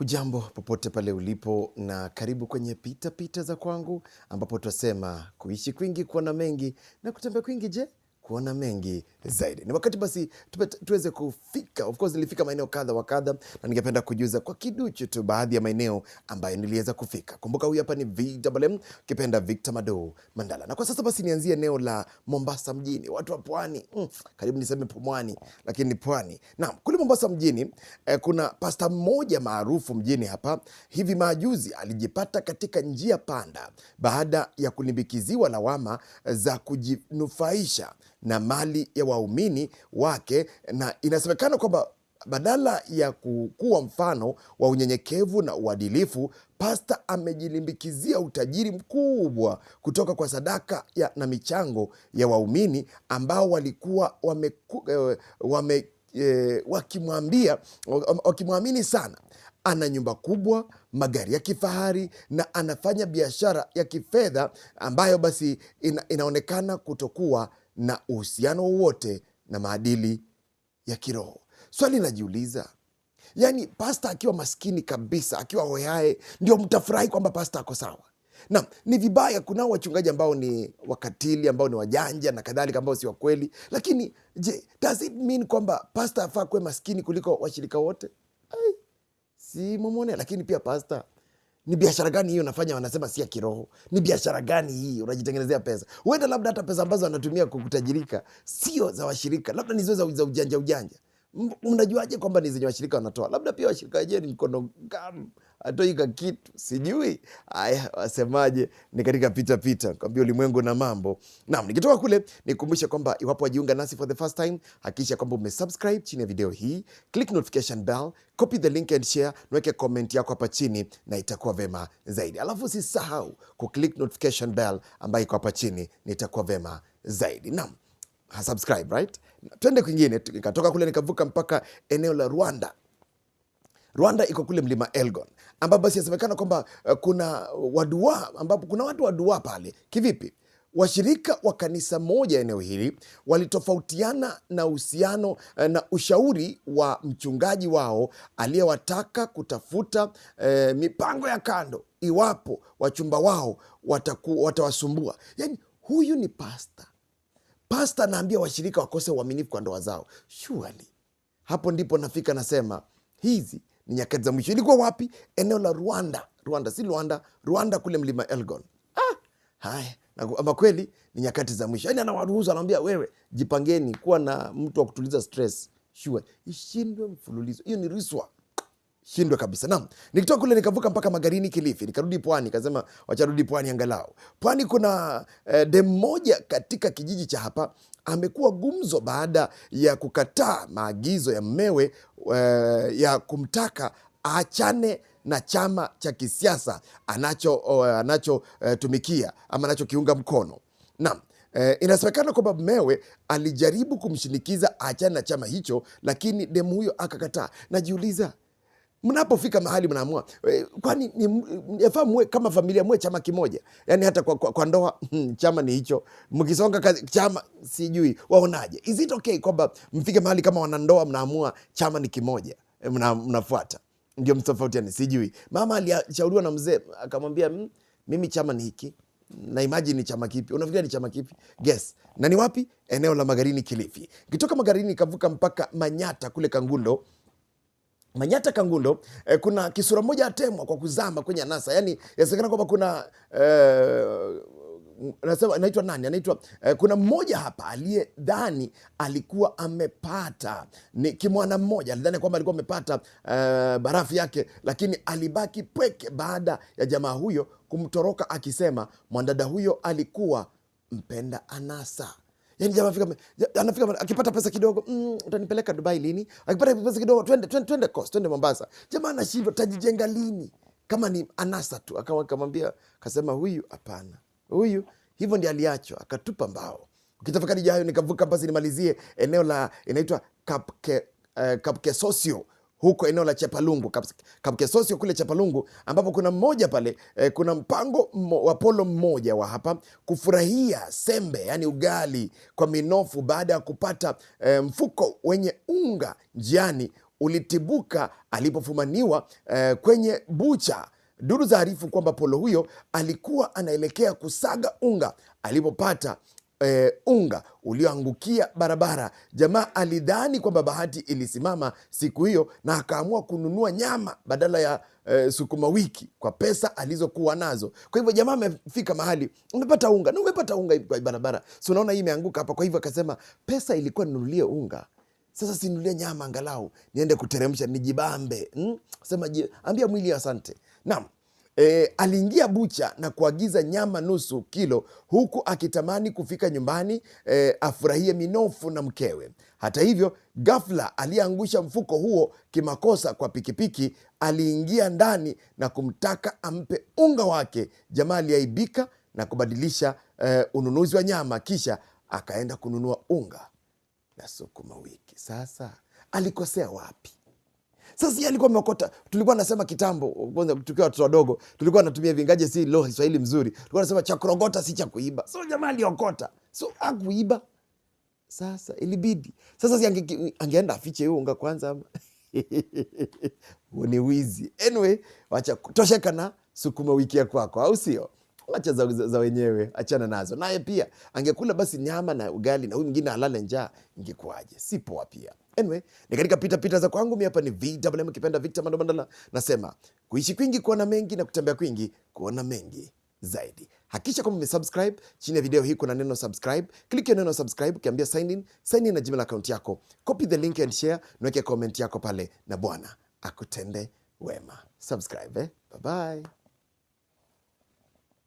Hujambo popote pale ulipo na karibu kwenye pitapita pita za kwangu, ambapo twasema kuishi kwingi kuona mengi na kutembea kwingi. Je, kuona mengi zaidi. Ni wakati basi tuweze kufika, of course nilifika maeneo kadha wa kadha, na ningependa kujuza kwa kiduchu tu baadhi ya maeneo ambayo niliweza kufika. Kumbuka huyu hapa ni VMM, ukipenda Victor Mado Mandala. Na kwa sasa basi nianzie eneo la Mombasa mjini, watu wa pwani mm, karibu niseme pumwani, lakini ni pwani. Naam, kule Mombasa mjini eh, kuna pasta mmoja maarufu mjini hapa hivi majuzi alijipata katika njia panda baada ya kulimbikiziwa lawama za kujinufaisha na mali ya waumini wake, na inasemekana kwamba badala ya kuwa mfano wa unyenyekevu na uadilifu, pasta amejilimbikizia utajiri mkubwa kutoka kwa sadaka ya na michango ya waumini ambao walikuwa wame, wame E, wakimwambia wakimwamini sana. Ana nyumba kubwa, magari ya kifahari na anafanya biashara ya kifedha ambayo basi ina, inaonekana kutokuwa na uhusiano wowote na maadili ya kiroho. Swali linajiuliza, yani pasta akiwa maskini kabisa, akiwa hoyae, ndio mtafurahi kwamba pasta ako sawa? na ni vibaya. Kunao wachungaji ambao ni wakatili, ambao ni wajanja na kadhalika, ambao si wakweli. Lakini je, does it mean kwamba pasta afaa kuwe maskini kuliko washirika wote? Si mumwone, lakini pia pasta ni biashara gani hii unafanya? Wanasema si ya kiroho. Ni biashara gani hii unajitengenezea pesa? Huenda labda hata pesa ambazo anatumia kukutajirika sio za washirika, labda ni zile za ujanja ujanja. Mnajuaje kwamba ni zenye washirika wanatoa? Labda pia washirika wenyewe ni mkono gamu atoika kitu, sijui haya wasemaje, ni katika pita pitapita kwambia ulimwengu na mambo naam Nikitoka kule, nikumbushe kwamba iwapo wajiunga nasi for the first time, hakikisha kwamba umesubscribe chini ya video hii, click notification bell, copy the link and share, naweke comment yako hapa chini na itakuwa vema zaidi. Alafu usisahau ku click notification bell ambayo iko hapa chini, ni itakuwa vema zaidi naam ha subscribe right. Twende kwingine, nikatoka kule nikavuka mpaka eneo la Rwanda. Rwanda iko kule mlima Elgon, ambapo basi inasemekana kwamba uh, kuna wadua ambapo kuna watu wadua pale. Kivipi? Washirika wa kanisa moja eneo hili walitofautiana na uhusiano eh, na ushauri wa mchungaji wao aliyewataka kutafuta eh, mipango ya kando iwapo wachumba wao wataku, watawasumbua. Yani huyu ni pasta, pasta anaambia washirika wakose uaminifu kwa ndoa zao. Surely hapo ndipo nafika nasema hizi ni nyakati za mwisho. Ilikuwa wapi? Eneo la Rwanda, Rwanda si Rwanda, Rwanda kule mlima Elgon. Ah, haya ama kweli ni nyakati za mwisho. Yani anawaruhusu, anawambia wewe, jipangeni kuwa na mtu wa kutuliza stress, shue ishindwe mfululizo. Hiyo ni riswa shindwe kabisa. Naam, nikitoka kule nikavuka mpaka Magarini, Kilifi, nikarudi pwani, kasema wacharudi pwani angalau. Pwani kuna eh, dem moja katika kijiji cha hapa amekuwa gumzo baada ya kukataa maagizo ya mmewe uh, ya kumtaka aachane na chama cha kisiasa anachotumikia anacho, uh, ama anachokiunga mkono nam Eh, inasemekana kwamba mmewe alijaribu kumshinikiza aachane na chama hicho, lakini demu huyo akakataa. Najiuliza, mnapofika mahali mnaamua, eh, kwani yafaa mwe kama familia, mwe chama kimoja, yani hata kwa, kwa, kwa ndoa mm, chama ni hicho. Mkisonga kazi chama, sijui waonaje, is it okay kwamba mfike mahali kama wanandoa mnaamua chama ni kimoja, eh, mna, mnafuata ndio mtofautiani. Sijui mama alishauriwa na mzee akamwambia, hmm, mimi chama ni hiki na imagine ni chama kipi? Unafikiria ni chama kipi? Guess. Na ni wapi? Eneo la Magarini, Kilifi. Kitoka Magarini kavuka mpaka Manyata kule Kangundo Manyata Kangundo eh, kuna kisura moja atemwa kwa kuzama kwenye anasa. Yani yasekana kwamba kuna eh, nasema anaitwa nani? Anaitwa eh, kuna mmoja hapa aliyedhani alikuwa amepata, ni kimwana mmoja alidhani kwamba alikuwa amepata eh, barafu yake, lakini alibaki pweke baada ya jamaa huyo kumtoroka akisema mwanadada huyo alikuwa mpenda anasa. Yani jamaa anafika akipata pesa kidogo, mm, utanipeleka Dubai lini? Akipata pesa kidogo, twende twende twende Coast, twende Mombasa. Jamaa anashindwa tajijenga lini kama ni anasa tu. Akamwambia akasema, huyu hapana, huyu hivyo ndiye aliachwa, akatupa mbao. Ukitafakari jayo, nikavuka basi nimalizie eneo la inaitwa Kapke, eh, Kapke huko eneo la Chapalungu Kapkesosio kule Chapalungu, ambapo kuna mmoja pale eh, kuna mpango wa polo mmoja wa hapa kufurahia sembe, yani ugali kwa minofu, baada ya kupata eh, mfuko wenye unga njiani ulitibuka alipofumaniwa eh, kwenye bucha. Duru zaarifu kwamba polo huyo alikuwa anaelekea kusaga unga alipopata E, unga ulioangukia barabara. Jamaa alidhani kwamba bahati ilisimama siku hiyo, na akaamua kununua nyama badala ya e, sukuma wiki kwa pesa alizokuwa nazo. Kwa hivyo jamaa amefika mahali, umepata unga na umepata unga kwa barabara, si unaona hii imeanguka hapa. Kwa hivyo akasema, pesa ilikuwa ninunulie unga, sasa sinunulie nyama, angalau niende kuteremsha nijibambe, hmm? Sema ambia mwili asante. Naam. E, aliingia bucha na kuagiza nyama nusu kilo huku akitamani kufika nyumbani e, afurahie minofu na mkewe. Hata hivyo, ghafla aliyeangusha mfuko huo kimakosa kwa pikipiki aliingia ndani na kumtaka ampe unga wake. Jamaa aliaibika na kubadilisha e, ununuzi wa nyama, kisha akaenda kununua unga na sukuma wiki. Sasa alikosea wapi? Sasa alikuwa ameokota. Tulikuwa nasema kitambo, tukiwa watoto wadogo, tulikuwa natumia vingaje, si lugha Kiswahili mzuri, tulikuwa nasema cha kurogota si cha kuiba. So jamaa aliokota, so akuiba. Sasa ilibidi sasa, si ange, angeenda afiche hiyo unga kwanza ama ni wizi. Anyway, wacha tosheka na sukuma wiki ya kwako, au sio? wacha za, za, wenyewe, achana nazo. Naye pia angekula basi nyama na ugali na huyu mwingine alale njaa, ingekuaje Si poa pia. Anyway, ni katika pita pita za kwangu mimi hapa ni VMM kipenda Victor Mandala, nasema kuishi kwingi kuona mengi na kutembea kwingi kuona mengi zaidi. hakisha kwamba umesubscribe. Chini ya video hii kuna neno subscribe, click ya neno subscribe, ukiambia sign in, sign in na jina la account yako, copy the link and share, naweke comment yako pale, na Bwana akutende wema. Subscribe eh? Bye bye.